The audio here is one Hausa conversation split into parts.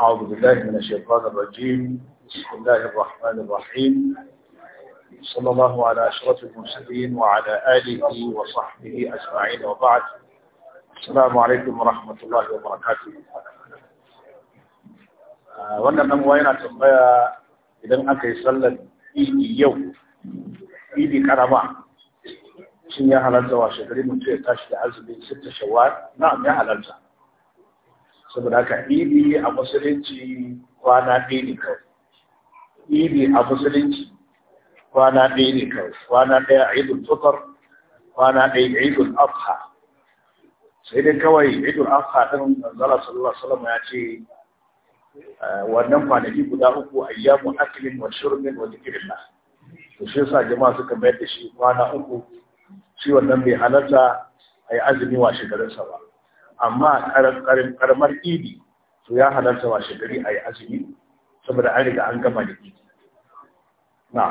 أعوذ بالله من الشيطان الرجيم بسم الله الرحمن الرحيم صلى الله على أشرف المرسلين وعلى آله وصحبه أجمعين وبعد السلام عليكم ورحمة الله وبركاته wannan nan wa yana tambaya idan aka yi sallar idi yau idi karama shin ya halarta wa shekaru mutum ya tashi da azumi ta shawa na ya halarta saboda haka ibi a musulunci kwana ɗaya ne kawai ibi a musulunci kwana ɗaya ne kawai kwana ɗaya a idul fitar kwana ɗaya a idul afha sai dai kawai idul afha ɗin manzala sallallahu alaihi wasallam ya ce eh, wannan kwanaki guda uku ayyamu aklin wa shurbin wa dhikrillah to shi yasa jama'a suka mayar da shi kwana uku shi wannan bai halarta a yi azumi washe garinsa ba amma karamar idi to ya halarta wa shekari a yi azumi saboda an riga an gama da idi na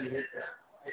yana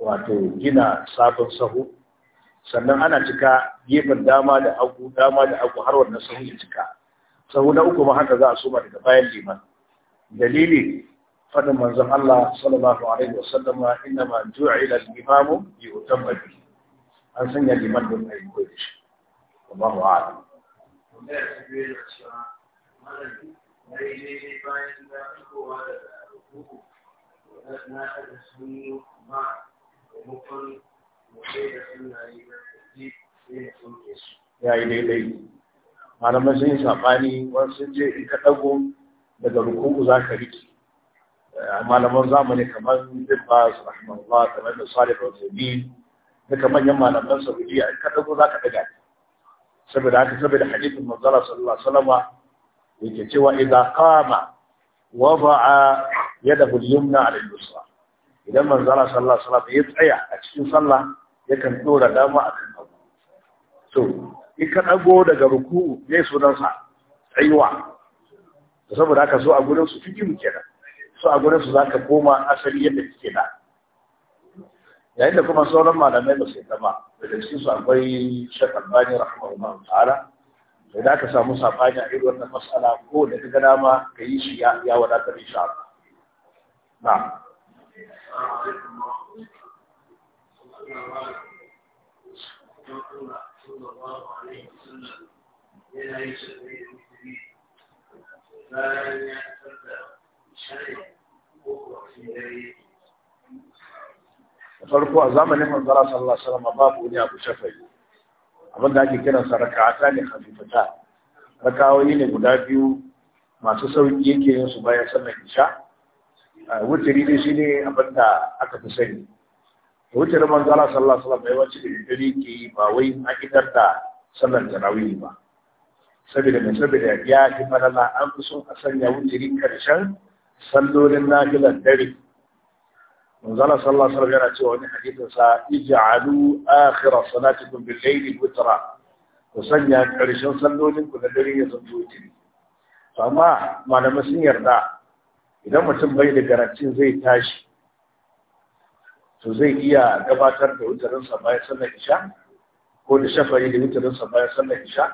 wato gina sabon sahu sannan ana cika gefen dama da hagu dama da hagu har wannan sahu ya cika sahu na uku ma haka za a soma daga bayan liman dalili fadin manzon Allah sallallahu alaihi wa sallama inna ma ju'ila al-imam bi utammati an sanya liman don ayi koyi shi Allahu a'lam Thank you. kowa na ya yi daidai. Malamai sun yi saɓani wasu sun ce in ka ɗago daga rukunku za ka riki. Eh, malaman zamani kamar bin ba su rahmanullah kamar da salih da zabi duka manyan malaman saudiya in ka ɗago za ka ɗaga. Saboda haka saboda hadithin manzala sallallahu alaihi salama, yake cewa idan kama, wada'a yadahu al-yumna 'ala al-yusra idan manzo Allah sallallahu alaihi wasallam ya tsaya a cikin sallah ya kan dora dama a kan hagu so in ka dago daga ruku'u ne sunan sa tsayuwa saboda haka so a gurin su fiki mu kenan so a gurin su zaka koma asali yadda kike da yayin da kuma sauran malamai ba su dama daga cikin su akwai Sheikh Albani rahimahullah ta'ala sai da ka samu sabani a irin wannan mas'ala ko da kaga dama ka yi shi ya wadatar insha Allah na'am farko a zamanin manzara sallallahu alaihi wasallam babu wani abu shafai abin da ake kiran sa raka'ata ne khafifata rakawoyi ne guda biyu masu sauki yake yin su bayan sallar isha wuturi ne shi abin da aka fi sani wuturin manzo Allah sallallahu alaihi wasallam bai wace da dare ke ba wai a idar da sallar tarawih ba saboda mai saboda ya fi falala an fi son a sanya wuturi karshen sallolin nafilar dare manzo Allah sallallahu alaihi wasallam yana cewa wani hadisin sa ij'alu akhir salatikum bil layl witra ku sanya karshen sallolin ku da dare ya zanto wuturi amma malamai sun yarda idan mutum bai da garantin zai tashi to zai iya gabatar da wutarinsa bayan sallar isha ko da shafari da wutarinsa bayan sallar isha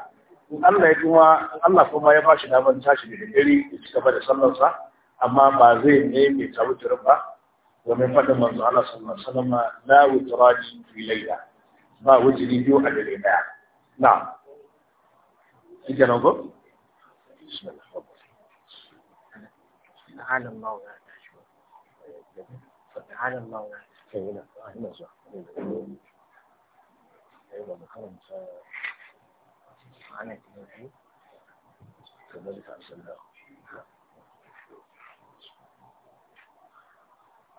in Allah ya kuma Allah kuma ya bashi daman tashi da dare ya ci gaba da sallarsa amma ba zai ne mai ta wutarin ba domin faɗin manzo Allah sallallahu alaihi wasallam la wutraji fi layla ba wutiri biyu a dare daya na'am kike nan ko bismillah تعالى الله ولا على الله ولا أيوة، الله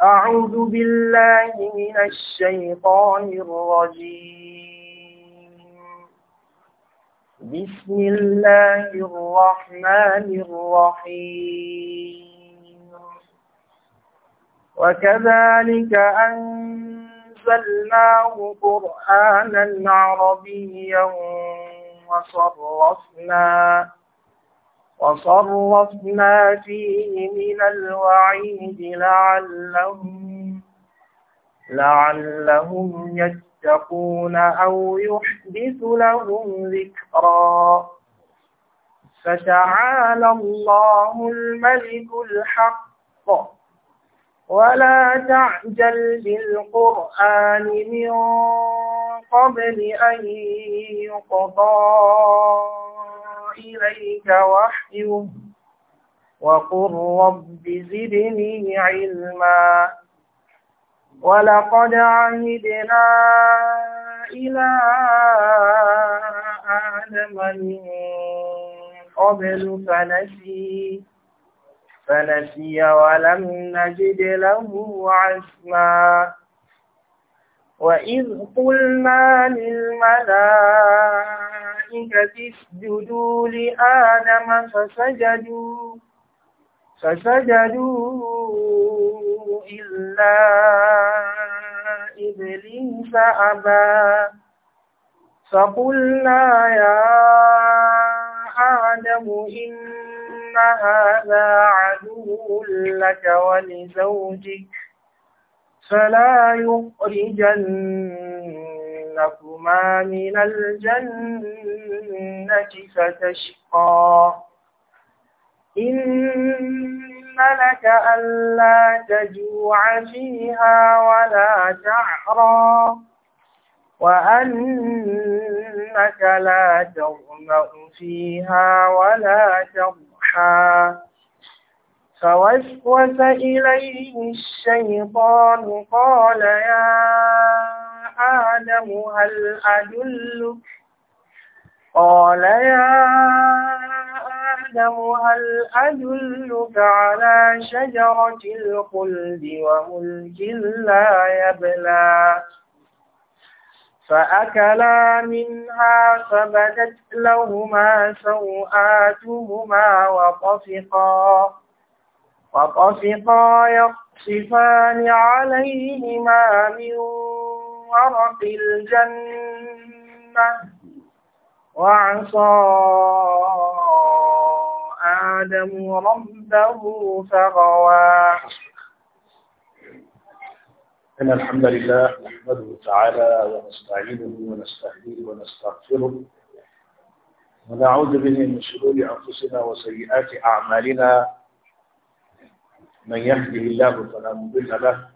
أعوذ بالله من الشيطان الرجيم بسم الله الرحمن الرحيم وكذلك أنزلناه قرآنا عربيا وصرفنا وصرفنا فيه من الوعيد لعلهم لعلهم يتقون أو يحدث لهم ذكرا فتعالى الله الملك الحق ولا تعجل بالقرآن من قبل أن يقضى إليك وحيه وقل رب زدني علما ولقد عهدنا إلى آدم من قبل فنسيه فنسي ولم نجد له عزما وإذ قلنا للملائكة اسجدوا لآدم فسجدوا فسجدوا إلا إبليس أبى فقلنا يا آدم إن إن هذا عدو لك ولزوجك فلا يخرجنكما من الجنة فتشقى إن لك ألا تجوع فيها ولا تعرى وأنك لا تغمأ فيها ولا تضحى ضحى فوسوس إليه الشيطان قال يا آدم هل أدلك قال يا آدم هل أدلك على شجرة الخلد وملك لا يبلى فأكلا منها فبدت لهما سوآتهما وطفقا وطفقا يقصفان عليهما من ورق الجنة وعصى آدم ربه فغوى إن الحمد لله نحمده تعالى ونستعينه ونستهديه ونستغفره ونعوذ به من شرور أنفسنا وسيئات أعمالنا من يهده الله فلا مضل له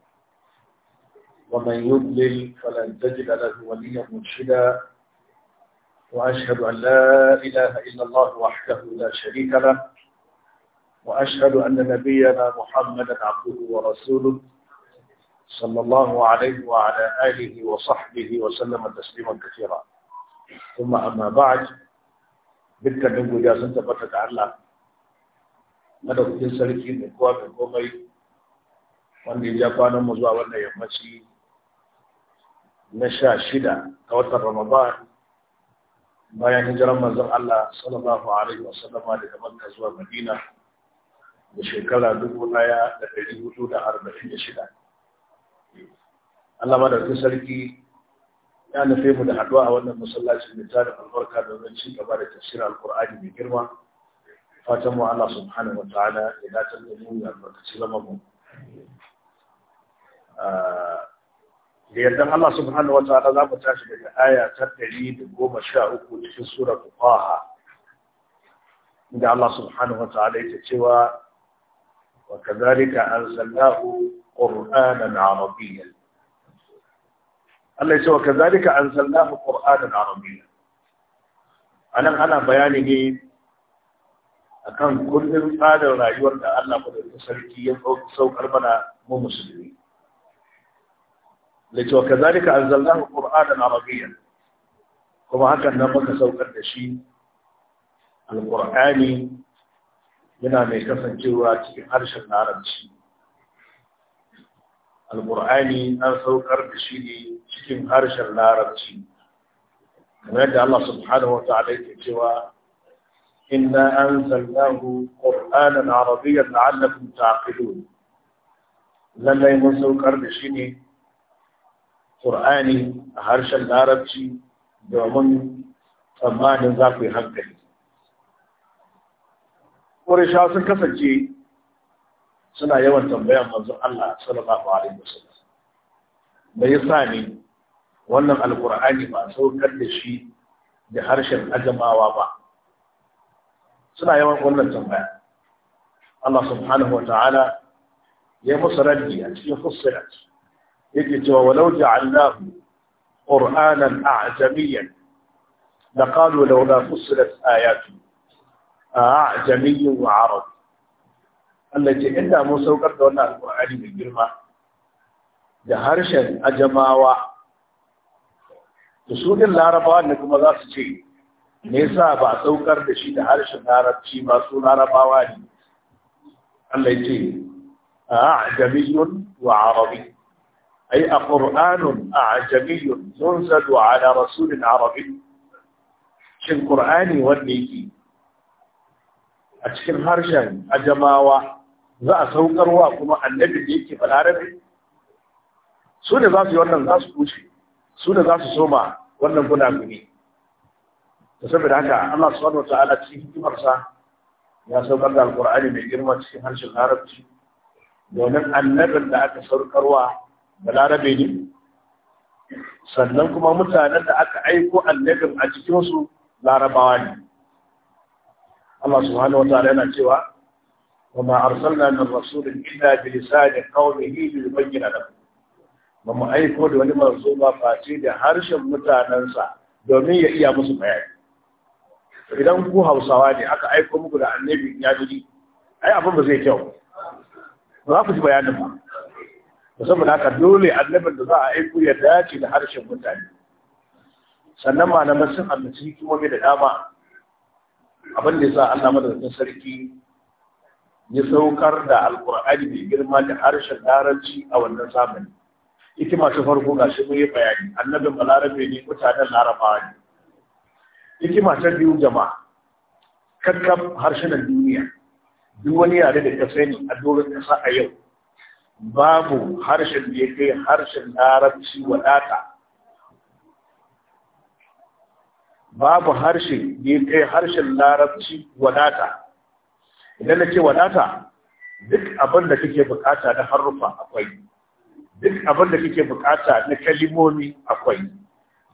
ومن يضلل فلن تجد له وليا مرشدا وأشهد أن لا إله إلا الله وحده لا شريك له وأشهد أن نبينا محمدا عبده ورسوله صلى الله عليه وعلى آله وصحبه وسلم تسليما كثيرا ثم أما بعد dukkanin guda sun tabbata da Allah madaukakin sarki mai kowa komai wanda ya kwanan mu zuwa wannan yammaci na sha shida ga watan Ramadan bayan hijiran manzon Allah sallallahu alaihi wasallam daga Makka zuwa Madina da shekara dubu ɗaya da ɗari hudu da arba'in da shida Allah madaukin sarki ya nufe mu da haduwa a wannan masallacin da tarin albarka wannan ci gaba da tafsirin alkur'ani mai girma fatan mu Allah subhanahu wa ta'ala ya dace da mu ya albarkaci zama mu ah, da yardan Allah subhanahu wa ta'ala za mu tashi daga aya ta 113 cikin sura Taha inda Allah subhanahu wa ta'ala yake cewa wa kadhalika arsalnahu قرآنا عربيا Allah ya ce wa kazalika anzalnahu qur'anan arabiyya anan ana bayani ne akan kullum tsarin rayuwar da Allah madaukakin sarki ya saukar mana mu musulmi da ce wa kazalika anzalnahu qur'anan arabiyya kuma hakan nan muka saukar da shi alqur'ani yana mai kasancewa cikin harshen larabci alƙur'ani an saukar da shi ne cikin harshen larabci kamar yadda Allah subhanahu wa ta'ala yake cewa inna anzalnahu qur'anan arabiyyan la'allakum ta'qilun lallai mun saukar da shi ne qur'ani a harshen larabci domin tsammanin za ku yi hankali Ƙurisha sun kasance suna yawan tambayan manzon Allah sallallahu alaihi wasallam me yasa ne wannan alqur'ani ba saukar da shi da harshen ajamawa ba suna yawan wannan tambaya Allah subhanahu wa ta'ala ya musu raddi a cikin fussilat yake cewa walau ja'alnahu qur'anan a'jamiyan laqalu lawla fussilat ayatu a'jamiyyu wa arabiyyu Allah ce inda mun saukar da wannan alƙur'ani mai girma da harshen ajamawa da su din larabawa ne kuma za su ce me yasa ba a saukar da shi da harshen larabci ba su larabawa ne Allah ce ajamiyun wa arabi ay qur'anun a'jamiyyun yunzadu ala rasulin arabi shin qur'ani wanda yake a cikin harshen ajamawa za a saukarwa kuma annabi da yake balarabe su ne za su yi wannan za su kushe su ne za su soma wannan gumi da saboda haka Allah subhanahu wata ta'ala cikin hikimarsa ya saukar da alkur'ani mai girma cikin harshen larabci domin annabin da aka saukarwa balarabe ne sannan kuma mutanen da aka aiko annabin a cikinsu larabawa ne Allah subhanahu wa ta'ala yana cewa وما أرسلنا من رسول إلا بلسان قومه ليبين لهم ba mu aiko da wani manzo ba face da harshen mutanensa domin ya iya musu bayani idan ku hausawa ne aka aiko muku da annabi ya ji ai abin ba zai kyau ba za ku ji bayanin ba musamman haka dole annabin da za a aiko ya dace da harshen mutane sannan malaman sun amince hikimomi da dama abin da za a Allah madaukakin sarki ya saukar da alkur'ani mai girma da harshen larabci a wannan zamani ita masu farko ga shi yi bayani annabin balarabe ne mutanen larabawa ne ita masu biyu jama'a kakkan harshenan duniya duk wani yare da ka sani a dorin kasa a yau babu harshen da ya kai harshen larabci wadata babu harshe da ya kai harshen larabci wadata idan na ce wadata duk abin da kake bukata na harufa akwai duk abin da kake bukata na kalimomi akwai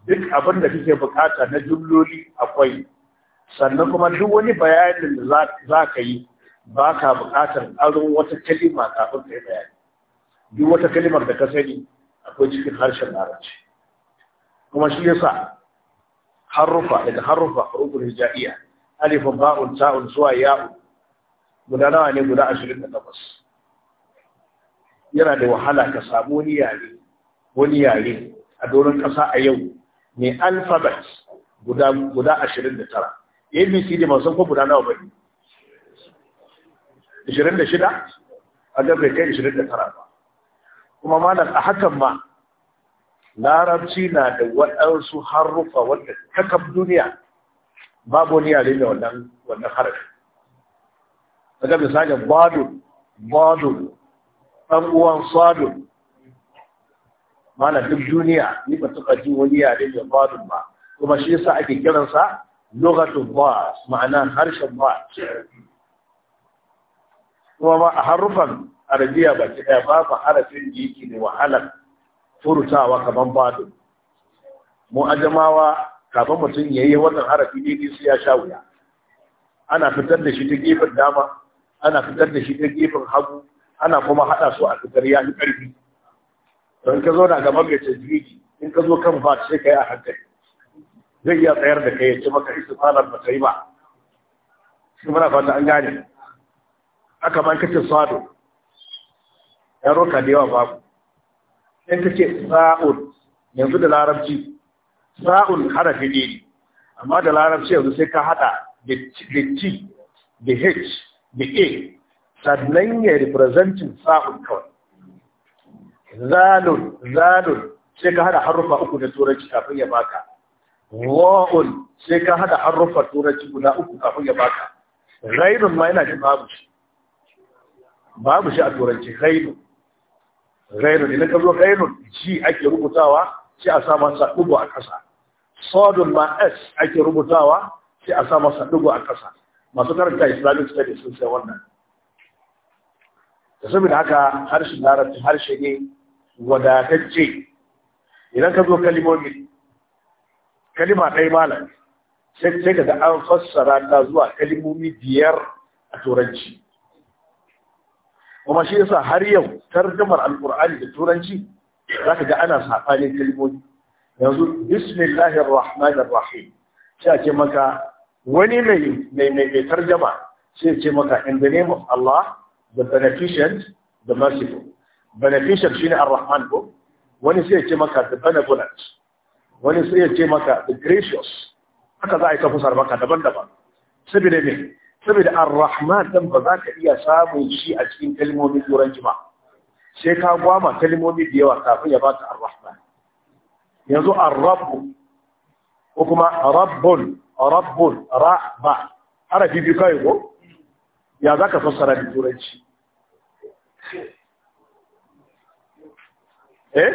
duk abin da kake bukata na jumloli akwai sannan kuma duk wani bayanin da za ka yi ba ka bukatar aro wata kalima kafin ka yi bayani duk wata kalimar da ka sani akwai cikin harshen larabci kuma shi yasa harufa daga harufa harufun hijaiya alifun ba'un ta'un zuwa ya'un guda nawa ne guda ashirin da takwas yana da wahala ka samu wani yare wani yare a doron ƙasa a yau mai alphabet guda ashirin da tara abc da masu ko guda nawa bane ashirin da shida a gafe kai ashirin da tara ba kuma malam a hakan ma larabci na da waɗansu haruffa wanda kakab duniya babu wani yare mai wannan harafi daga misalin badun badun ɗan uwan sadun mana duk duniya ni ba taɓa ji wani yare da badun ba kuma shi yasa ake kiransa lokacin ba ma'ana harshen ba kuma ma a harufan arabiya ba ki ɗaya ba harafin da yake da wahalar furutawa kamar badul mu ajamawa kafin mutum ya yi wannan harafi ne sai ya sha wuya ana fitar da shi ta gefen dama ana fitar da shi ta gefen hagu ana kuma haɗa su a fitar ya yi ƙarfi don ka zo na gaban mai tajiriji in ka zo kan ba sai ka yi a hankali zai iya tsayar da kai ya ci maka istifalar ba ta yi ba shi muna fata an gane aka man kacin sado ya roka da yawa babu in ce Sa'ul yanzu da larabci sa'ul harafi ne amma da larabci yanzu sai ka haɗa da ci da h da a sannan ya representin sa'un kawai zalun zalun sai ka hada harufa uku da turanci kafin ya baka wa'un sai ka hada harufa turanci guda uku kafin ya baka ghairun ma yana jin babu shi babu shi a turanci ghairun ghairun idan ka zo ghairun ji ake rubutawa sai a sa masa dugo a ƙasa sodun ma s ake rubutawa sai a sa masa dugo a ƙasa masu karanta islamic studies sun sai wannan da saboda haka harshen larabci harshe ne wadatacce idan ka zo kalimomi kalima ɗaya malam sai ka an fassara ta zuwa kalimomi biyar a turanci kuma shi yasa har yau tarjumar alkur'ani da turanci za ka ga ana saɓanin kalimomi yanzu bismillahir rahmanir rahim sai maka wani mai mai tarjama sai ce maka in the name of Allah the beneficent the merciful beneficent shine ar-rahman ko wani sai ce maka the benevolent wani sai ce maka the gracious haka za a yi ta fusar maka daban-daban saboda me saboda ar-rahman dan ba za ka iya samun shi a cikin kalmomin turanci ba sai ka gwama kalmomi da yawa kafin ya baka ar-rahman yanzu ar-rabb ko kuma rabbun rabbun ra'ba harafi biyu kai ko ya zaka fassara da turanci eh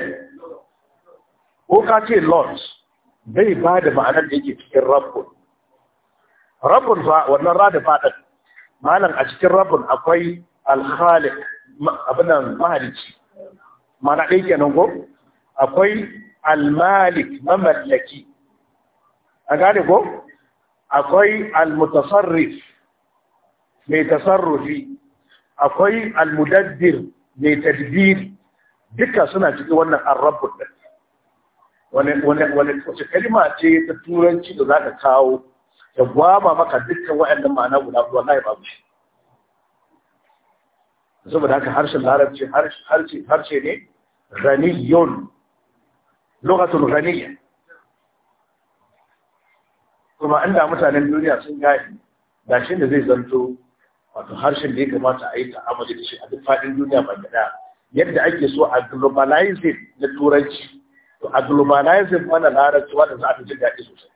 ko ka ce lord bai ba da ma'anar da yake cikin rabbun rabbun fa wannan ra da fadan malam a cikin rabbun akwai al-khaliq abinan mahalici mana ɗaya kenan ko akwai al-malik mamallaki a gane ko akwai al-mutasarrif mai tasarrufi akwai al-mudaddir mai tadbiri duka suna cikin wannan arrabu din wani kalima ce ta turanci da za ka kawo ya gwama maka dukkan waɗannan ma'ana guda wallahi babu shi saboda haka harshen larabci harshe ne ghaniyun lughatun ghaniyya kuma inda mutanen duniya sun gane da shi da zai zanto wato harshen da ya kamata a yi ta'amali da shi a duk faɗin duniya ba da yadda ake so a globalizing na turanci to a globalizing mana larabci wanda za ta ji daɗi sosai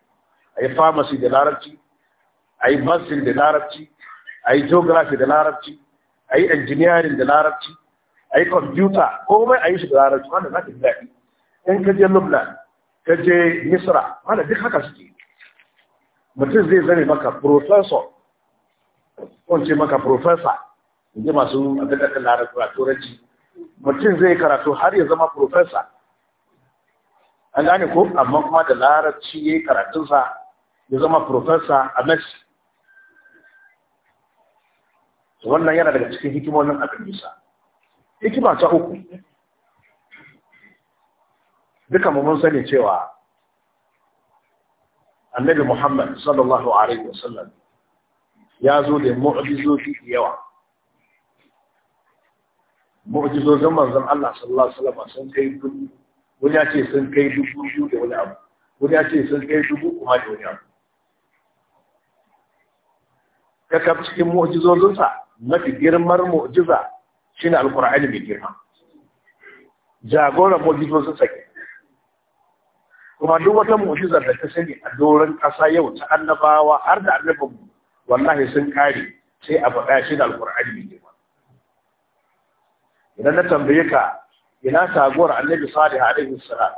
a yi pharmacy da larabci a yi nursing da larabci a yi geography da larabci a yi engineering da larabci a yi computer ko mai a yi shi da larabci wanda za ta ji daɗi in ka je lubnan ka je misra wanda duk haka suke mutum zai zane maka professor ce maka professor inji masu adadadin larabura turanci mutum zai karatu har ya zama professor an gane ko amma kuma da larabci ya yi karatunsa ya zama professor a messi wannan yana daga cikin hikimomin abin nisa hikima ta uku duka mun sani cewa annabi Muhammad sallallahu alaihi wasallam ya zo da mu'jizoji da yawa mu'jizozin manzan Allah sallallahu alaihi sun kai dubu wani ya ce sun kai dubu biyu da wani abu wani ya ce sun kai dubu kuma da wani abu ka kaf cikin mu'jizozinsa mafi girmar mu'jiza shine alqur'ani mai girma jagoran mu'jizozin sa ke kuma duk wata mu'jizar da ta sani a doron ƙasa yau ta annabawa har da annabin wallahi sun kare sai a faɗa shi da alƙur'ani mai girma idan na tambaye ka ina taguwar annabi salih alaihi salam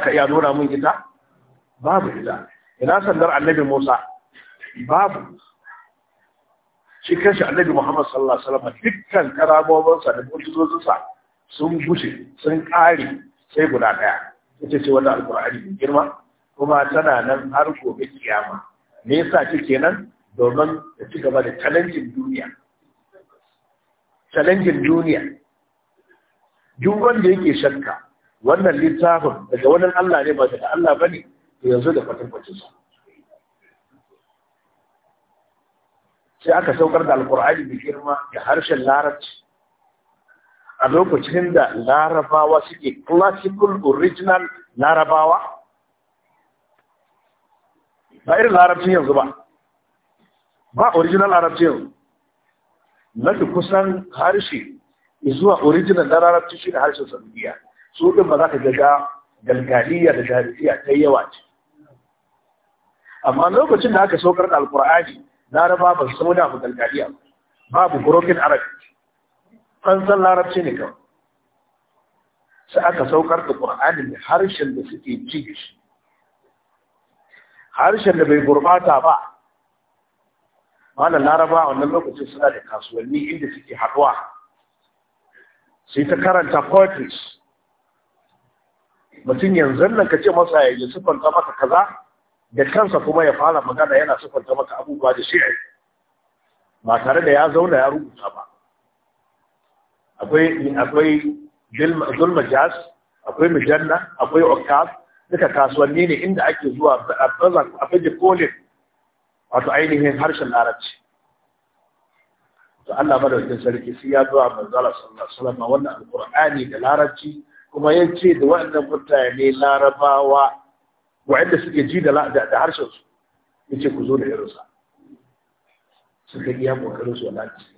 ka iya nuna mun ita babu ita ina sandar annabi musa babu shi kanshi annabi muhammad sallallahu alaihi wasallam dukkan karamomansa da mutuzozinsa sun gushe sun kare sai guda ɗaya. ita ce wata alƙur'ani mai girma kuma tana nan har gobe kiyama me yasa kike nan domin ta ci gaba da challenging duniya challenging duniya duk wanda yake shakka wannan littafin daga wannan Allah ne ba daga Allah bane to yanzu da kwatankwacin sa sai aka saukar da alƙur'ani mai girma da harshen larabci a lokacin da larabawa suke classical original larabawa ba irin larabcin yanzu ba ba original larabcin yanzu mafi kusan harshe zuwa original na larabci shi da harshen saudiya su ɗin ba za ka gaga galgaliya da jarisiya ta yawa ce amma lokacin da aka saukar da alkur'ani larabawa ba su sauna ba galgaliya babu broken arabic An larabci ne kawai sai aka saukar da ƙur'ani da harshen da suke ji harshen da bai gurbata ba malam laraba wannan lokacin suna da kasuwanni inda suke haɗuwa sai ta karanta poetry mutum yanzu nan ka ce masa ya siffanta maka kaza da kansa kuma ya fara magana yana siffanta maka abubuwa da shi'ai ba tare da ya zauna ya rubuta ba akwai akwai zulmajas akwai mujanna akwai okaf duka kasuwanni ne inda ake zuwa a baza a kolin wato ainihin harshen larabci to Allah madaukakin sarki sai ya zuwa manzala sallallahu alaihi wannan alqur'ani da larabci kuma yace da waɗannan mutane larabawa waɗanda suke ji da harshen su ce ku zo da irinsa suka iya kokarin su wallahi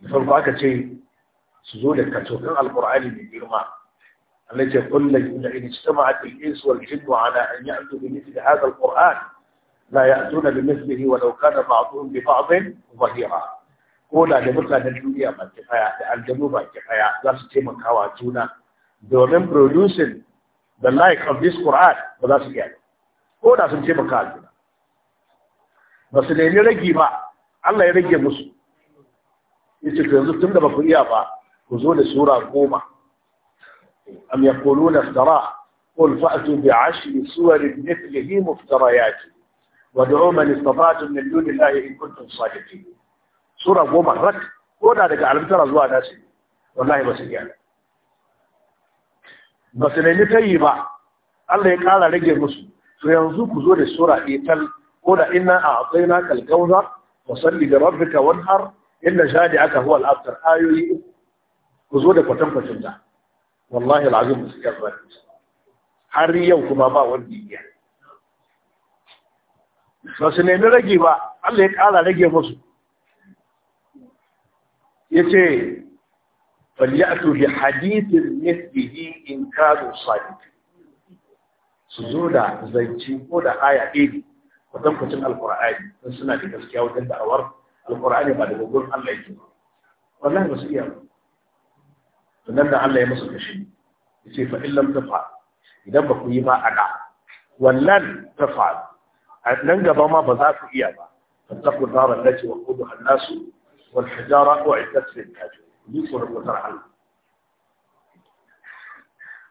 da farko aka ce su zo da katokan alkur'ani mai girma Allah ce kullum da in ijtama'at al-ins wal jinnu ala an yi ya'tu bi mithli hadha al-qur'an la ya'tuna bi mithlihi wa law kana ba'dhum bi ba'dhin zahira ko da da mutanen duniya ba ki faya da aljanu ba ki faya za su taimakawa juna domin producing the like of this Quran ba za su iya ko da sun taimakawa juna ba su nemi ragi ba Allah ya rage musu yace to yanzu tunda ba ku iya ba ku zo da sura goma am yaquluna iftara qul fa'tu bi ashri suwarin mithlihi muftariyat wad'u man istata'tum min dunillahi in kuntum sadiqin sura goma rak ko da daga alamtara zuwa nasi wallahi ba su iya ba su nemi yi ba Allah ya kara rage musu to yanzu ku zo da sura ɗaya ko da inna a'tayna kalkauza wa salli li rabbika wanhar inna shadi aka huwa al'abtar ayoyi uku ku zo da kwatankwacin ta wallahi al'azim su har yau kuma ba wanda ya ba su nemi rage ba Allah ya ƙara rage musu ya ce falyatu bi hadithin mislihi in kanu sadiqin su zo da zanci ko da aya ɗaya kwatankwacin alkur'ani don suna da gaskiya wajen da'awar alqur'ani ba daga gurin Allah yake ba wallahi ba su iya ba. sannan da Allah ya musu kashi ce fa illam tafa idan ba ku yi ba ada wallan tafa nan gaba ma ba za ku iya ba fattaku dara allati waquduha an-nasu wal hijara u'iddat lil kafirin ni ko rubutar Allah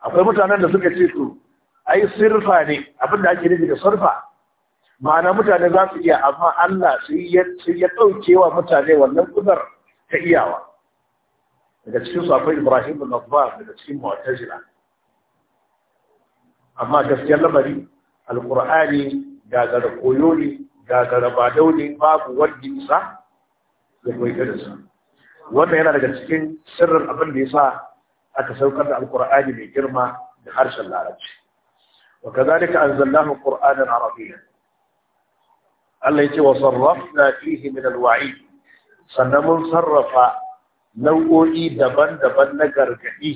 akwai mutanen da suka ce to ai sirfa ne abin da ake nufi da sirfa ma'ana mutane za su iya amma Allah sai ya ɗauke wa mutane wannan kudar ta iyawa daga cikin su akwai Ibrahim bin Abbas daga cikin Mu'tazila amma gaskiyar lamari alqur'ani gagara koyo ne gagara ba daune babu wanda isa ya koyi sa wannan yana daga cikin sirrin abin da yasa aka saukar da alqur'ani mai girma da harshen larabci وكذلك أنزلناه قرآنا عربيا Allah ya ce wa sarrafna fihi min alwa'i sannan mun sarrafa nau'o'i daban-daban na gargadi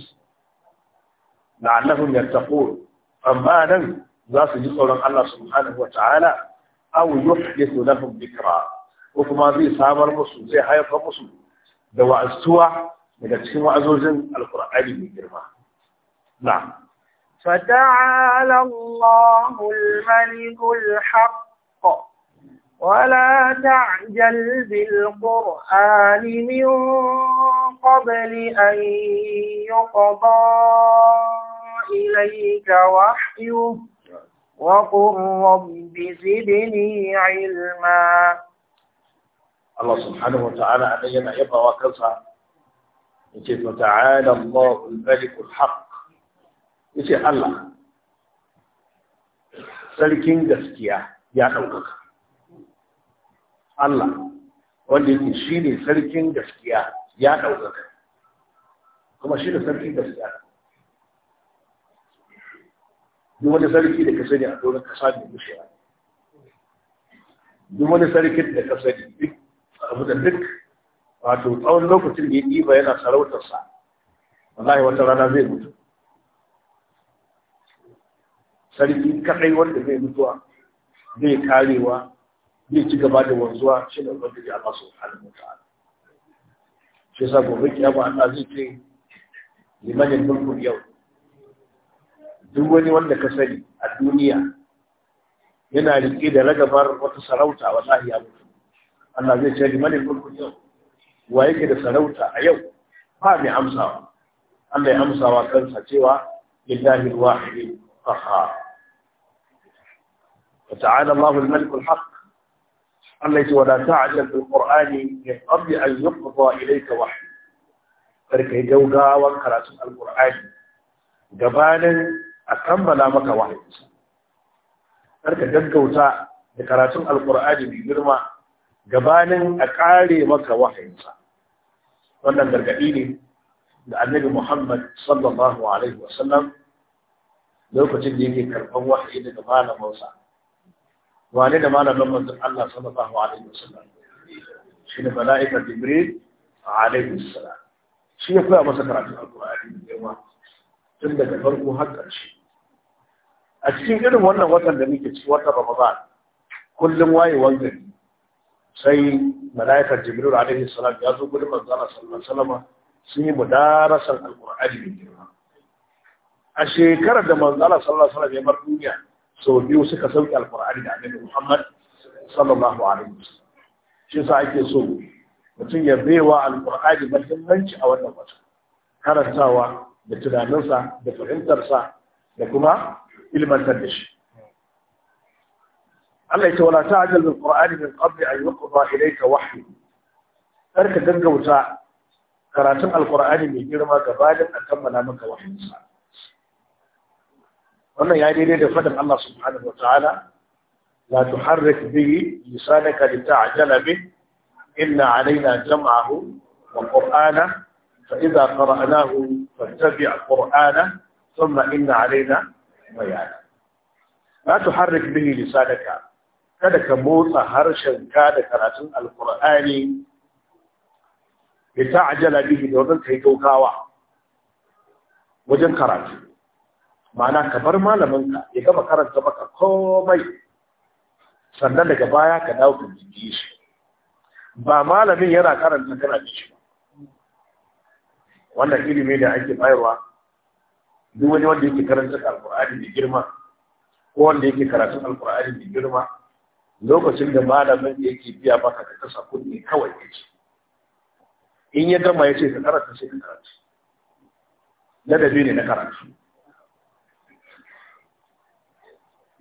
la'annahum yattaqun amma nan za su ji tsoron Allah subhanahu wa ta'ala aw yuhdithu lahum dhikra ko kuma zai samar musu zai haifar musu da wa'azuwa daga cikin wa'azojin alqur'ani mai girma na'am فتعالى الله الملك الحق ولا تعجل بالقرآن من قبل أن يقضى إليك وحيه وقل رب زدني علما الله سبحانه وتعالى علينا يبقى وكفى يقول تعالى الله الملك الحق يقول الله سلكين gaskiya يا ɗaukaka Allah wanda yake shi ne sarkin gaskiya ya ɗaukaka kuma shi ne sarkin gaskiya duk wani sarki da ka sani a doron kasa ne mushiya duk wani sarkin da ka sani duk abu da duk wato tsawon lokacin da ya ɗiba yana sarautarsa wallahi wata rana zai mutu sarki kaɗai wanda zai mutuwa zai karewa zai ci gaba da wanzuwa shi ne wanda ya ba su halin mutane shi sa gobe kiyama an zai ce limanin mulkul yau duk wani wanda ka sani a duniya yana riƙe da ragabar wata sarauta a wallahi ya mutu Allah zai ce limanin mulkul yau wa yake da sarauta a yau ba mai amsawa Allah ya amsawa kansa cewa lillahi alwahid qahhar وتعالى الله الملك الحق Allah ce wada ta'ajjal bil qur'ani min qabli an yuqda ilayka wahyi karka yi gaugawan karatun alqur'ani gabanin a kammala maka wahayi karka gaggauta da karatun alqur'ani mai girma gabanin a kare maka wahayinsa wannan gargaɗi ne da annabi Muhammad sallallahu alaihi wasallam lokacin da yake karban wahayi daga malamansa wane da malamin manzon Allah sallallahu alaihi wasallam shi ne mala'ika jibril alaihi salam shi ya koya masa karatun alqur'ani da yawa tun daga farko har ƙarshe a cikin irin wannan watan da muke ci watan ramadan kullum wayewar gari sai mala'ikar jibril alaihi salam ya zo gurin manzon Allah sallallahu alaihi wasallam sun yi mudarasan alqur'ani da yawa a shekarar da manzara Allah sallallahu alaihi wasallam ya bar duniya sau biyu suka sauke alkur'ani da annabi muhammad sallallahu alaihi wasallam shi yasa ake so mutum ya baiwa alkur'ani muhimmanci a wannan wata karantawa da tunaninsa da fahimtarsa da kuma ilmantar da shi Allah ya ce wala ta'jal bil qur'ani min qabli an yuqda ilayka wahyi kar ka gaggauta karatun alkur'ani mai girma gabanin a kammala maka wahyinsa wannan ya daidai da fadin Allah subhanahu wa ta'ala la tuharrik bihi lisanaka ta'jala bi inna alaina jam'ahu wa qur'ana fa idha qara'nahu fattabi' qur'ana thumma inna alaina bayana la tuharrik bihi lisanaka kada ka motsa harshen ka da karatun alqur'ani lita'jala bihi da wannan kai gaugawa wajen karatu ma'ana ka bar malaminka ya gama karanta maka komai sannan daga baya ka dawo ka bibiye shi ba malamin yana karanta kana bi shi wannan ilimi da ake bayarwa duk wani wanda yake karanta alkur'ani da girma ko wanda yake karatu alkur'ani da girma lokacin da malamin yake biya maka ka kasa kuɗi kawai ya ci. in ya gama ya ce ka karanta sai ka karanta ladabi ne na karatu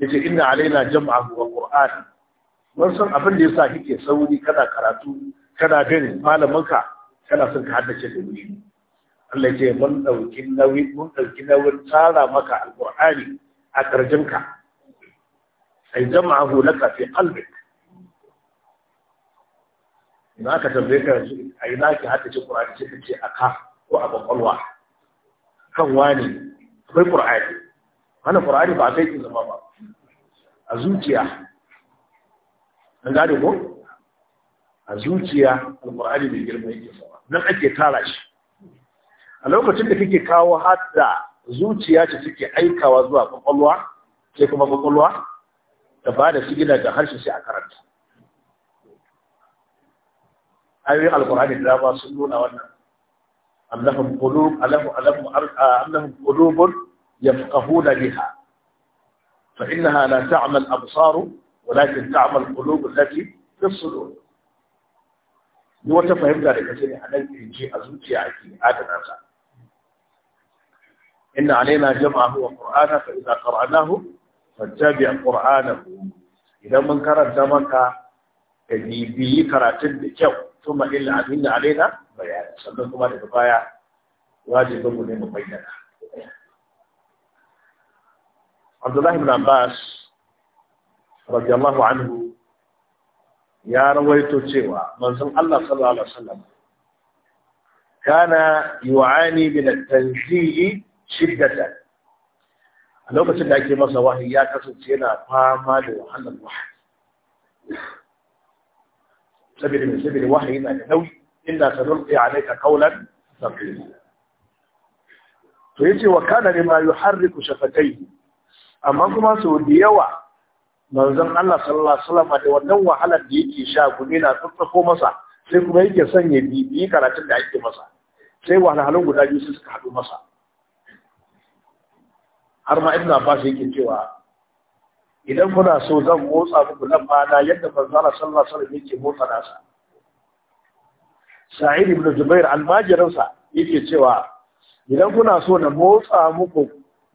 yace inna alaina jam'ahu wa qur'an mun san abin da yasa kike sauri kana karatu kana bin malaminka kana son ka haddace da wuri Allah ce mun dauki nauyi mun dauki nauyin tsara maka alqur'ani a karjinka ai jam'ahu laka fi qalbi ina ka tambaye ka a ina ki haddace qur'ani sai ka ce aka ko a kwakwalwa kan wani akwai qur'ani hana qur'ani ba kai ki zama ba a zuciya an gane ko a zuciya alqur'ani bai girma yake zama nan ake tara shi a lokacin da kake kawo hadda zuciya ce take aikawa zuwa kwakwalwa sai kuma kwakwalwa ta ba da sigina ga harshe sai a karanta ayoyin alkur'ani da dama sun nuna wannan annahum qulub يفقهون بها فإنها لا تعمى الأبصار ولكن تعمى القلوب التي في الصدور ni wata fahimta da kace ne a nan kirji a zuciya ake adana sa inna alaina jama'ahu wa qur'ana fa idza qara'nahu fattabi qur'anahu idan mun karanta maka ka bibiyi karatun da kyau kuma illa abinda alaina bayani sannan kuma daga baya wajibin mu ne mu bayyana عبد الله بن عباس رضي الله عنه يا رويت سوى من صلى الله عليه وسلم كان يعاني من التنزيه شدة لو كنت لك مصر وهي يا كسرت هنا فاما لوحل الوحي سبيل من سبيل الوحي هنا لو إنا سنلقي عليك قولا ثقيلا فيجي وكان لما يحرك شفتيه amma kuma sau da yawa manzon Allah sallallahu alaihi wasallam da wannan wahalar da yake sha gumi na tsatsako masa sai kuma yake son ya bibiyi karatun da yake masa sai wahalhalun guda biyu su suka haɗu masa har ma ibn Abbas yake cewa idan kuna so zan motsa muku nan bana yadda manzon Allah sallallahu alaihi wasallam yake motsa nasa Sa'id ibn Jubair almajirinsa yake cewa idan kuna so na motsa muku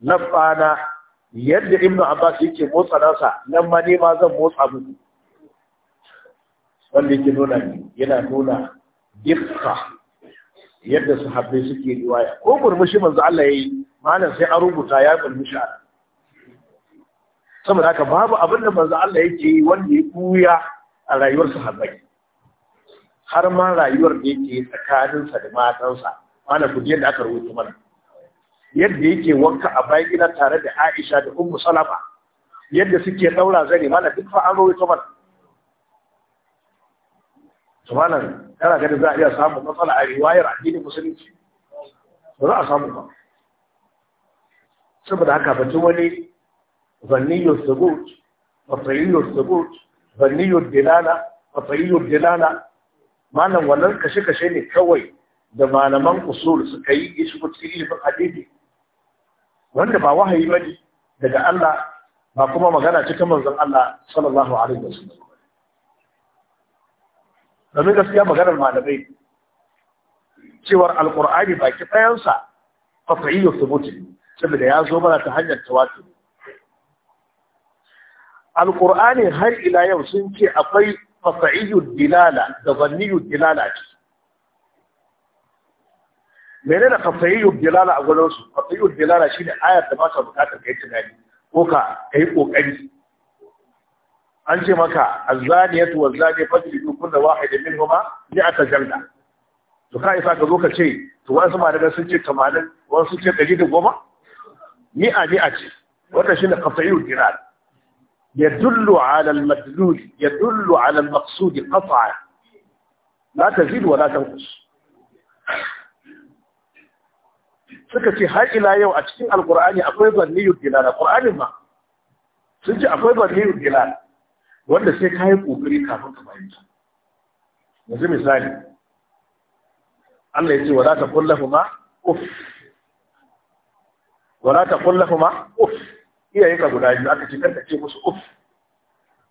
na bana yadda ibnu abbas yake motsa nasa nan ma ne ma zan motsa muku wanda yake nuna yana nuna dikka yadda sahabbai suke riwaya ko murmushi manzo Allah yayi malam sai an rubuta ya murmushi a saboda haka babu abin da manzo Allah yake yi wanda ya buya a rayuwar sahabbai har ma rayuwar da yake tsakaninsa da matansa malam ku yadda aka rubuta mana yadda yake wanka a bayan gida tare da Aisha da Ummu Salama yadda suke daura zani, mana duk fa an rawaito mana subhanan kana ganin za a iya samun matsala a riwayar addinin musulunci ba za a samu ba saboda haka batun wani zanniyo sabut matsayiyar sabut zanniyo dilala matsayiyar dilala malam wannan kashe-kashe ne kawai da malaman usul suka yi ishi tsiri ba hadisi wanda ba wahayi bane daga Allah ba kuma magana cikin manzon Allah sallallahu alaihi wasallam domin gaskiya maganar malamai cewar alƙur'ani baki ɗayansa qat'iyyu thubuti saboda ya zo mana ta hanyar tawatu. alkur'ani har ila yau sun ce akwai qat'iyyu dilala da zanniyu dilala ce mene da kafayiyyar dilala a gwaninsu kafayiyyar dilala shi ne ayar da ba ta bukatar ka tunani ko ka yi ƙoƙari an ce maka azaniyatu wa zani fajri dukun da wahidin min huma ni a tajalda to kai sa ka zo ka ce to wasu ma daga sun ce 80 wasu ce 110 ni a ni a ce wanda shine qat'iyyu dirar yadullu ala al-madlul yadullu ala al-maqsud qat'a la tazid wa la tanqus suka ce har ila yau a cikin alkur'ani akwai zanniyul dilal qur'ani ma sun ce akwai zanniyul dilal wanda sai ka yi kokari kafin ka bayyana yanzu misali Allah ya ce wala ta kullahu ma uff wala ta kullahu ma uff iyaye ka guda biyu aka ce karka ce musu uff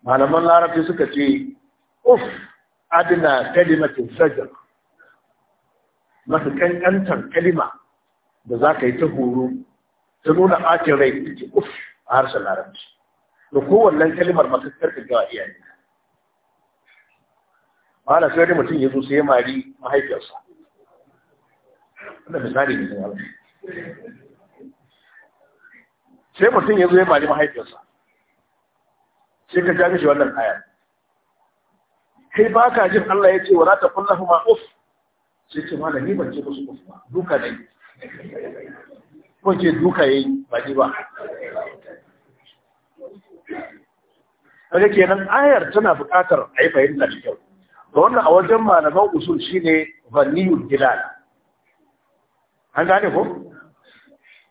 malaman larabci suka ce uff adina kalimatin sajar masu kankantar kalima da za ka yi ta horo ta nuna ɓacin rai da ke uf a harshen larabci da kowannen kalimar masu ka gawa iyaye ma'ana sai wani mutum ya zo sai ya mari mahaifiyarsa wannan misali ne zai sai mutum ya zo ya mari mahaifiyarsa sai ka ja mishi wannan aya kai ba ka jin Allah ya ce wa za ta kulla ma uf sai ce ma da ni ban ce musu uf ba duka na yi ko ce duka yayi ba ji ba kaga kenan ayar tana buƙatar a yi fahimta da kyau da wannan a wajen malaman usul ne valiyul dilal an gane ko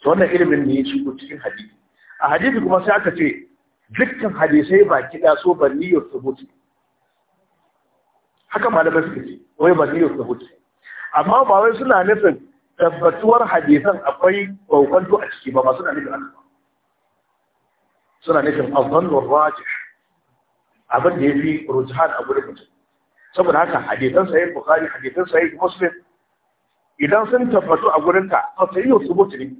to wannan ilimin ne ya shigo cikin hadisi a hadisi kuma sai aka ce dukkan hadisai ba kiɗa so valiyul sabuti haka malamai suka ce wai valiyul sabuti amma ba wai suna nufin tabbatuwar hadisan akwai kwaukwanto a ciki ba masu na nufin Allah suna nufin azannur rajih abin da fi rujahan a gurin mutum saboda haka hadisan sayi bukari hadisan sayi muslim idan sun tabbatu a gurin ka fa sai yau subut ne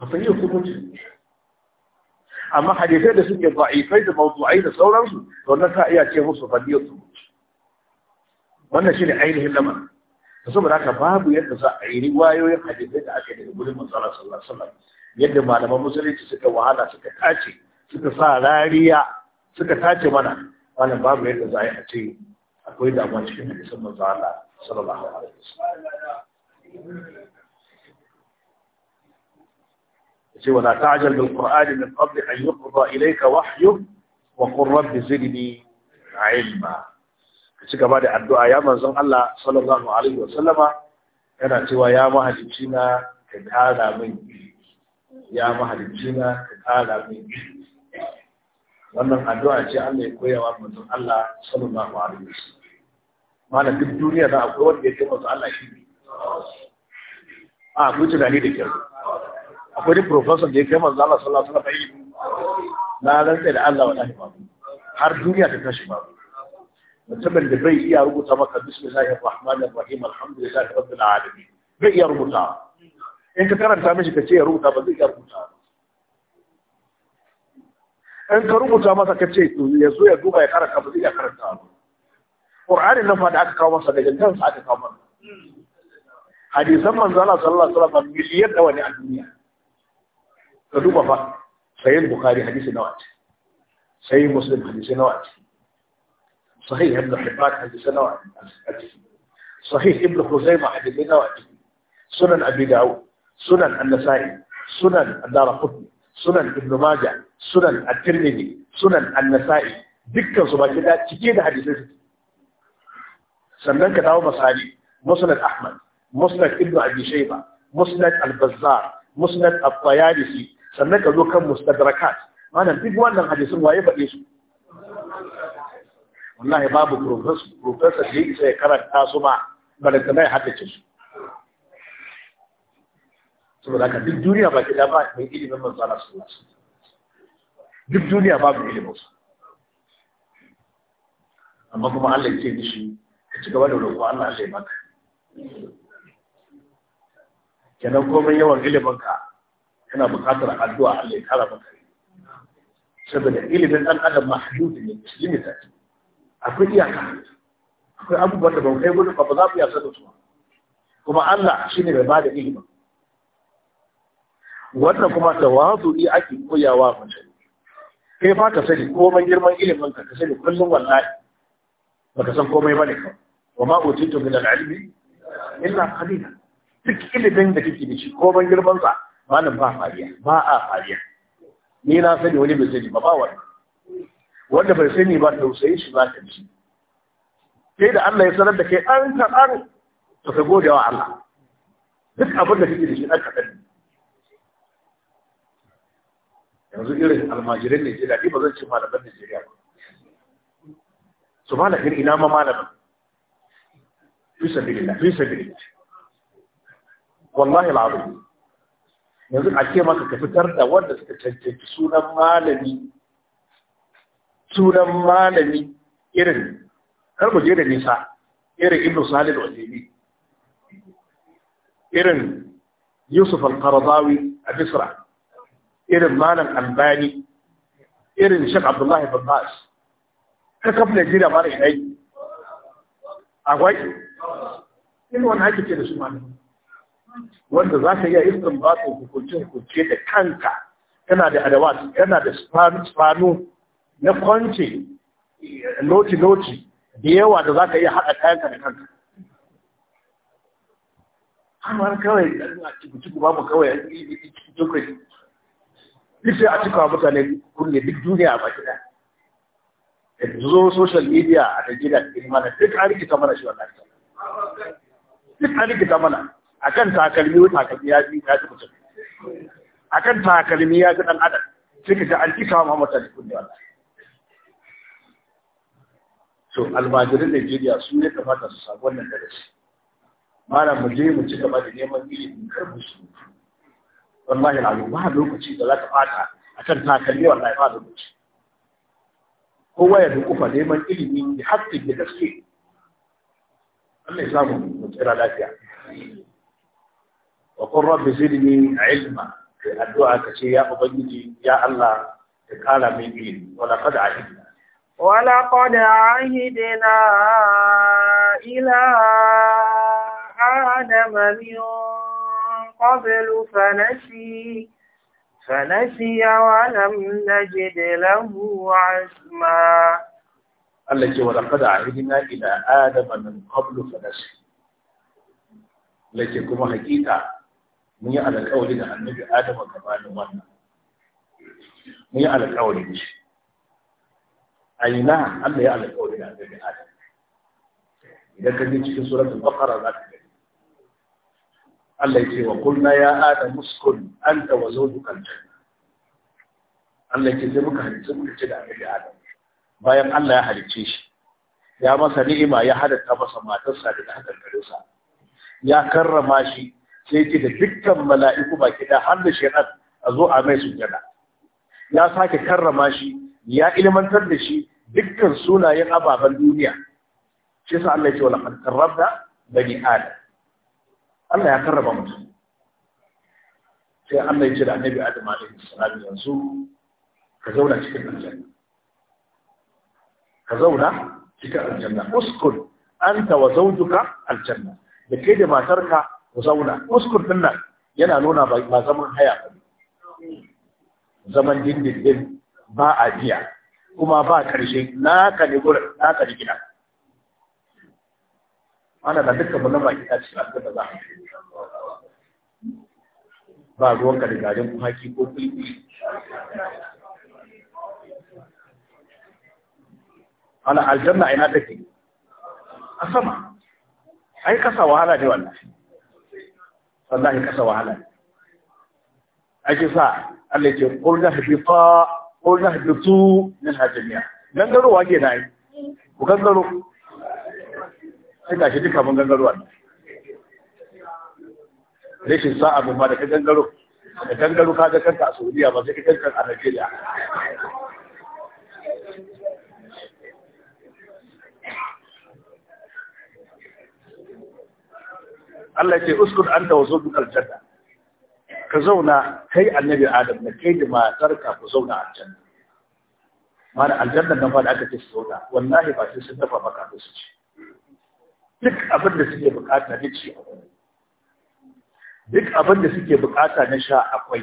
fa sai yau subut amma hadisai da suke da'ifai da mawdu'ai da sauransu to na ta iya ce musu fa yau wannan wannan ne ainihin lamarin saboda haka babu yadda za a yi riwayoyin hadisi da aka daga gurin manzara sallallahu alaihi wasallam yadda malaman musulunci suka wahala suka tace suka sa rariya suka tace mana wannan babu yadda za a yi a ce akwai damuwa cikin hadisin manzo Allah sallallahu alaihi wasallam ce wala ta'jal bil qur'an min qabl an yuqra ilayka wahyu wa qur rabbi zidni ilma ka ci gaba da addu'a ya manzon Allah sallallahu alaihi wa sallama yana cewa ya mahalicci na ka kara min ya mahalicci na ka kara min wannan addu'a ce Allah ya koya wa manzon Allah sallallahu alaihi wa sallam mana duk duniya da akwai wanda ya taimaka manzon Allah shi a kun tunani da kyau akwai ni professor da ya kai manzon Allah sallallahu alaihi wa sallama na rantsa da Allah wallahi babu har duniya ta tashi babu mutumin da bai iya rubuta maka bismillahir rahmanir rahim alhamdulillah rabbil alamin bai iya rubuta in ka karanta mishi ka ce ya rubuta ba zai iya rubuta in ka rubuta masa ka ce to ya zo ya duba ya karanta ba zai iya karanta ba qur'anin nan fa da aka kawo masa daga sa aka kawo masa hadisan manzo Allah sallallahu alaihi wasallam miliyan da wani a duniya ka duba fa sayyid bukhari hadisi nawa ce muslim hadisi nawa ce صحيح ابن حبان حديث نوع صحيح ابن خزيمة حديث نوع سنن أبي داود سنن النسائي سنن الدار قطني سنن ابن ماجه سنن الترمذي سنن النسائي dukkan su baki da cike da hadisai su sannan ka dawo misali musnad ahmad musnad ibnu abi shayba musnad al-bazzar musnad at-tayalisi sannan ka zo kan Rakat, malam duk wannan hadisin waye faɗe su wallahi babu professor da isa ya karanta su ba balantana ya haddace su saboda ka duk duniya ba ke dama mai ilimin manzana su ba duk duniya ba mu ilimin su amma kuma Allah ya ce mishi ka ci gaba da roƙo Allah Allah ya maka kenan komai yawan ilimin ka yana buƙatar addu'a Allah ya kara maka saboda ilimin ɗan adam mahdudi ne limited ne akwai iyaka akwai abubuwan da ba kai gudun ba za ku iya da su kuma Allah shi bai mai bada ilimi wannan kuma ta tawazu'i ake koyawa mutum kai fa ka sani komai girman ilimin ka ka sani kullum wallahi baka san komai ne ka wa ma utitu min al-ilmi illa qalila duk ilimin da kike da shi komai girman sa malam ba ba a fariya ni na sani wani bai sani ba ba wannan wanda bai sani ba tausayin shi ba ka ci kai da Allah ya sanar da kai an kaɗan to ka gode wa Allah duk abin da kake da shi ɗan kaɗan yanzu irin almajirin Najeriya ni ba zan ci malaman Najeriya ba su malamin ina ma malaman fi sabilillah fi sabilillah wallahi alazim yanzu a ce maka ka fitar da wanda suka cancanci sunan malami sunan malami irin kar mu je da nisa irin ibnu salih al-wasili irin yusuf al-qaradawi a Bisra, irin malam albani irin shek abdullahi bin bas ta kaf najeriya mara yanayi akwai irin wani haƙi ce da su malami wanda za ka iya istin ba su hukunce hukunce da kanka yana da adawat yana da spanu na kwance loti-loti da yawa da za ka iya haɗa kayanka da kanka an kawai a cikin babu kawai a cikin jikin duk sai a cikawa mutane kunne duk duniya a baki da zo social media a Najeriya da girma da duk an rikita mana shi wannan duk an rikita mana kan takalmi wata takalmi ya fi ya ji mutum kan takalmi ya ji ɗan adam sai ka ga an cika ma mutane kunne wannan to almajirin Najeriya su ne kamata su samu wannan darasi malam mu je mu ci gaba da neman ilimin karbu su wallahi alu ba lokaci da za ka fata akan takalmi wallahi ba lokaci kowa ya dukufa neman ilimi da haƙƙin da gaske Allah ya samu mu tsira lafiya wa qur rabbi zidni ilma kai addu'a kace ya ubangiji ya Allah ka kara min ilimi wa a ahidna ولقد عهدنا إلى آدم من قبل فنسي فنسي ولم نجد له عزما Allah ce wa laqad ahidna ila adama min qablu fa nasi kuma hakika mun yi alƙawari da annabi adama gabanin wannan mun yi alƙawari a ina Allah ya alƙawari da annabi Adam idan ka je cikin suratul baqara za ka gani Allah ya ce wa qulna ya adam uskun anta wa zawjuka al-janna Allah ya ce sai muka halice muka ce da annabi Adam bayan Allah ya halice shi ya masa ni'ima ya hadatta masa matarsa da hadar garinsa ya karrama shi sai ce da dukkan mala'iku baki da har da shekar a zo a mai sujada. ya sake karrama shi ya ilmantar da shi dukkan sunayen ababen duniya shi sa Allah ya ce wala qarrabna bani adam Allah ya karraba mutum sai Allah ya ce da annabi Adam alaihi salam yanzu ka zauna cikin aljanna ka zauna cikin aljanna uskun anta wa zawjuka aljanna da kai da matarka ku zauna uskun din nan yana nuna ba zaman haya ba zaman dindindin ba a biya kuma ba ƙarshe naka ne gurin naka ne gida ana da dukkan wannan baki ta cikin alƙada za ba ruwan ka da garin kwaki ko kulki ana aljanna ina take a sama ai kasa wahala ne wannan wallahi kasa wahala ake sa Allah ya ce qul la fi fa ko na hajjatu min hajjamiya gangarowa ke na yi ku gangaro sai shi duka mun gangarowa rashin sa'a mun ba da ka gangaro da gangaro ka ga kanka a Saudiya ba sai ka kanka a Najeriya Allah ya ce uskun anta wa zawjuka dukkan janna ka zauna kai annabi adam na kai da matarka ku zauna a can mana aljanna nan fa da aka ce su zauna wallahi ba sai sun dafa maka su ci duk abin da suke bukata na ci duk abin da suke bukata na sha akwai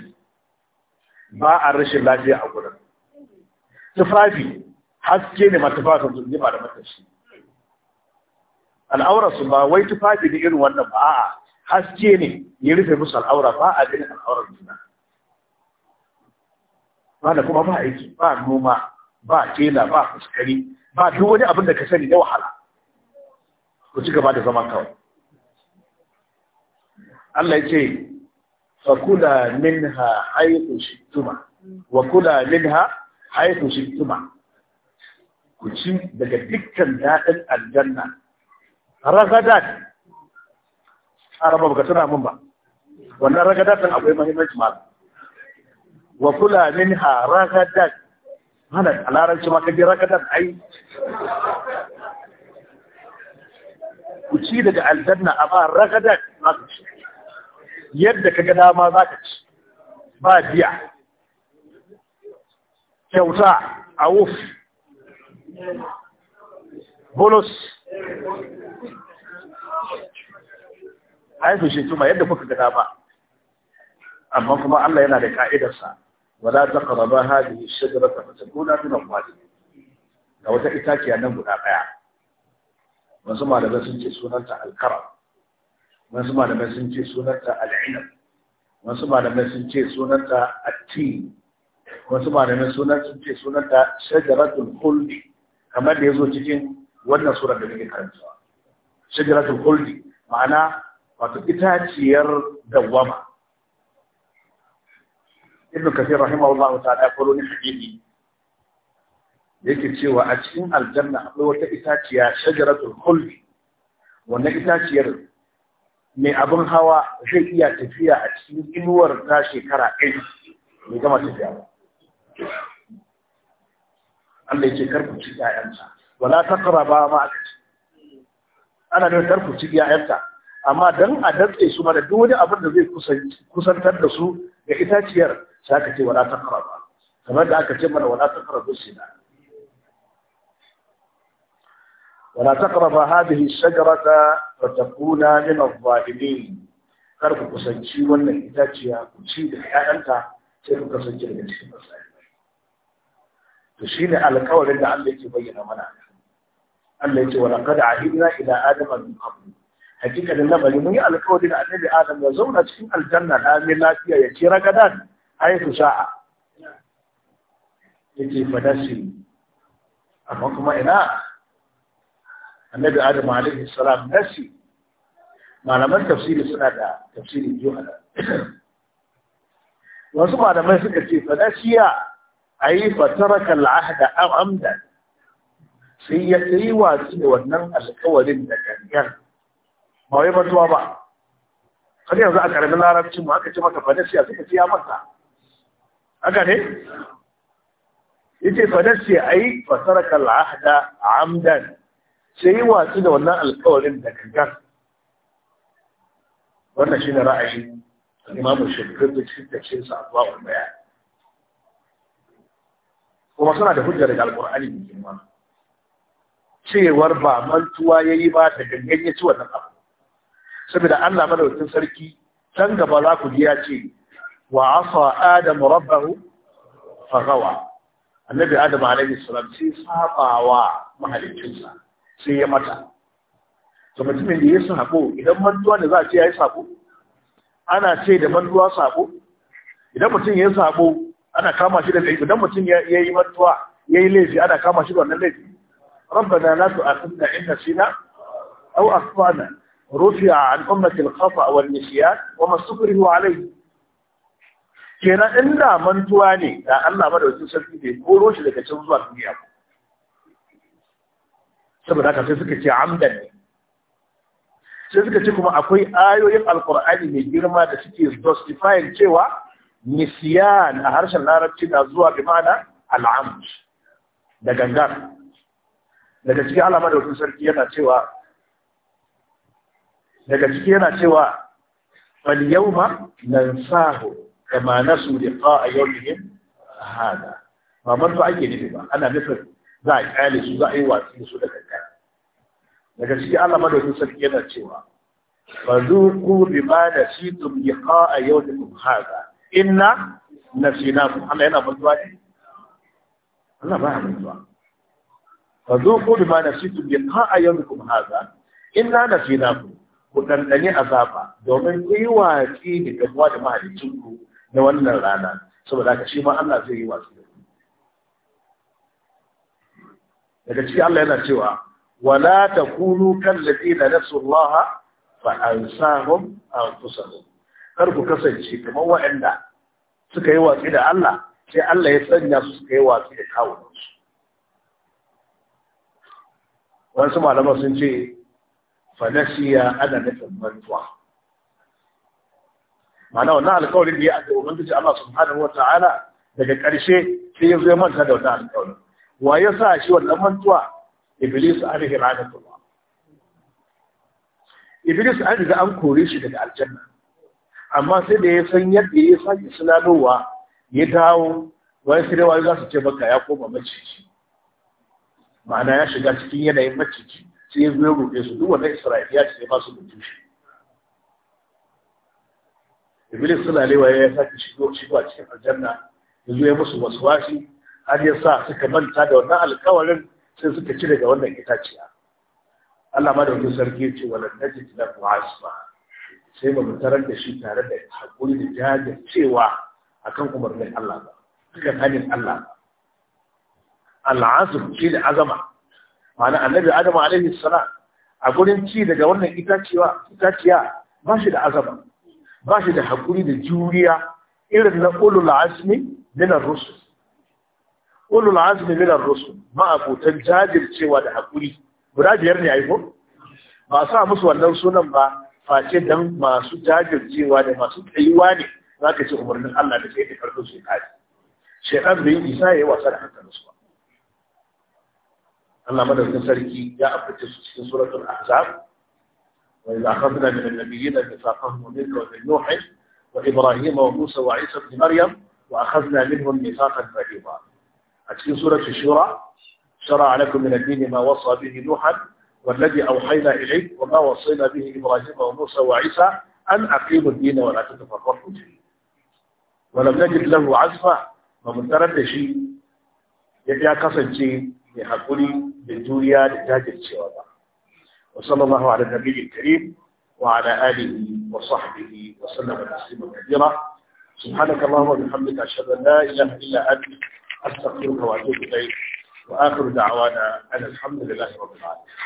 ba a rashin lafiya a gurin tufafi haske ne ba zunubi ba da matashi al'aurarsu ba wai tufafi da irin wannan ba a'a haske ne ya rufe musu al'aura ba a ganin al'aurar juna ba da kuma ba aiki ba noma ba tela ba fuskari ba duk wani abin da ka sani na wahala ku ci gaba da zaman kawai Allah ya ce fakula minha haythu shittuma wa kula minha haythu shittuma ku ci daga dukkan daɗin aljanna ragadat a baka tuna min ba wannan ragadatin akwai mahimmanci ma wa kula min ha ragadat hana a larabci ma kaji ragadat ai ku ci daga aljanna amma ragadat ma ka ci yadda dama za ka ci ba biya kyauta a wuf bonus haifu shi tuma yadda kuka gada ba amma kuma Allah yana da ka'idarsa wala taqraba hadhihi shajarata fatakuna min al-zalimin da wata itaciya nan guda daya wasu malamai sun ce sunanta al-karam wasu malamai sun ce sunanta al-inab wasu malamai sun ce sunanta at-tin wasu malamai sunan sun ce sunanta shajaratul khuldi kamar da yazo cikin wannan sura da muke karantawa shajaratul khuldi ma'ana wato itaciyar dawwama ibn kafir rahimahullahu ta'ala ya koro ni hadisi yake cewa a cikin aljanna akwai wata itaciya shajaratul khuld wannan itaciyar mai abin hawa zai iya tafiya a cikin inuwar ta shekara ɗaya mai gama tafiya ba Allah ya ce karku ƴaƴanta wala taqraba ma ana ne karku ci ƴaƴanta amma dan a datse su mana duk wani abin da zai kusantar da su ga itaciyar sai aka ce wala taqrabu kamar da aka ce mana wala taqrabu zina wala taqrabu hadhihi shajarata wa takuna min adh-dhalimin kar ku kusanci wannan itaciya ku ci da ƴaƴanta sai ku kasance daga cikin to shine alƙawarin da Allah yake bayyana mana Allah yake wala qad a'idna ila adama min qabl hakikalin labari mun yi alkawari da annabi adam ya zauna cikin aljanna da amin lafiya ya ce ragadan haifu sha'a yake fadashi amma kuma ina annabi adam alaihi salam nasi malaman tafsiri suna da tafsiri biyu a wasu malamai suka ce fadashiya a yi fataraka al'ahda amdan sai ya yi watsi da wannan alkawarin da gangan ba wai mantuwa ba har yanzu a karamin larabcin mu aka ci maka fadasiya suka siya ya manta haka ne yace fadasiya ai fasaraka al'ahda amdan sai yi watsi da wannan alkawarin da gangan wannan shine ra'ayin imamu shirkin da cikin tafsir sa zuwa wa bayani kuma suna da hujjar da alƙur'ani mai girma cewar ba mantuwa yayi ba da gangan ya ci wannan abu saboda Allah madaukakin sarki can gaba za ku ji ya ce wa asa adamu rabbahu fa gawa annabi adamu Alayhi salam sai sabawa mahaliccinsa sai ya mata to mutumin da ya sako idan mantuwa ne za a ce ya yi sako ana ce da mantuwa sako idan mutum ya yi sako ana kama shi da laifi idan mutum ya yi mantuwa ya yi laifi ana kama shi da wannan laifi rabbana la tu'akhidna in nasina aw akhtana rufiya an ummati al-khafa wal nisyan wa masukrihu alayhi kenan inda mantuwa ne da Allah madaukakin sarki bai koro shi daga can zuwa duniya saboda haka sai suka ce amdan ne sai suka ce kuma akwai ayoyin alkur'ani mai girma da suke justifying cewa nisyan a harshen larabci na zuwa bi ma'ana al'amd da gangar daga cikin alama da sarki yana cewa daga ciki yana cewa fal yawma nansahu kama nasu liqa'a yawmihim hada ba manzo ake nufi ba ana nufin za a kyale su za a yi watsi su da kanka daga ciki Allah madaukakin sarki yana cewa ba بما نسيتم ba يومكم هذا bi نسيناكم الله هنا بالدعاء الله ما هم بالدعاء فذوقوا ku ɗanɗani azaba domin ku yi watsi da gaba da mahaifinku na wannan rana saboda haka shi ma Allah zai yi watsi da ku daga ciki Allah yana cewa wala takunu kallazina nasullaha fa ansahum anfusahum kar ku kasance kamar waɗanda suka yi watsi da Allah sai Allah ya sanya su suka yi watsi da kawunansu wasu malaman sun ce fanasiya ana nufin mantuwa ma'ana wannan alkawarin da ya aka ubangiji Allah subhanahu wata'ala daga ƙarshe sai ya zo manta da wannan alkawarin wa ya sa shi wannan mantuwa iblis alaihi kuma iblis an riga an kore shi daga aljanna amma sai da ya san yadda ya sake sulalowa ya dawo wani sai wani za su ce maka ya koma maciki ma'ana ya shiga cikin yanayin maciki sai ya ya su duk wannan isra'iliya ce ba su da tushe iblis lewa ya sake shigo shi a cikin aljanna ya zo ya musu wasu washi har ya sa suka manta da wannan alkawarin sai suka ci daga wannan itaciya Allah ma da wani sarki ya ce walan najid lahu asma sai ba mu tarar da shi tare da hakuri da jajircewa akan umarnin Allah ba akan Allah ba al'azum shi da azama ma'ana annabi adam alaihi salam a gurin ci daga wannan itaciya itaciya ba shi da azaba ba shi da hakuri da juriya irin na ulul azmi min ar-rusul ulul azmi min ar-rusul ma abutan jajircewa da hakuri guda biyar ne aiko ba sa musu wannan sunan ba face dan masu jajircewa da masu tsayuwa ne zaka ci umarnin Allah da sai da karɓo su kai shedan bai isa yayi wasa da hankalinsu الله مدد سلكي يا أبتي في سورة الأحزاب وإذا أخذنا من النبيين ميثاقهم ومنك ومن نوح وإبراهيم وموسى وعيسى بن مريم وأخذنا منهم ميثاقا غليظا في سورة الشورى شرع لكم من الدين ما وصى به نوحا والذي أوحينا إليه وما وصينا به إبراهيم وموسى وعيسى أن أقيموا الدين ولا تتفرقوا فيه ولم نجد له عزمة ومن تربي شيء يبيع قصد شيء mai haƙuri da juriya da jajircewa ba wa sallallahu ala nabiyyi karim wa ala alihi wa sahbihi wa sallama taslima kathira subhanaka allahumma wa bihamdika ashhadu an la ilaha illa anta astaghfiruka wa atubu ilayk wa akhiru da'wana alhamdulillahi rabbil alamin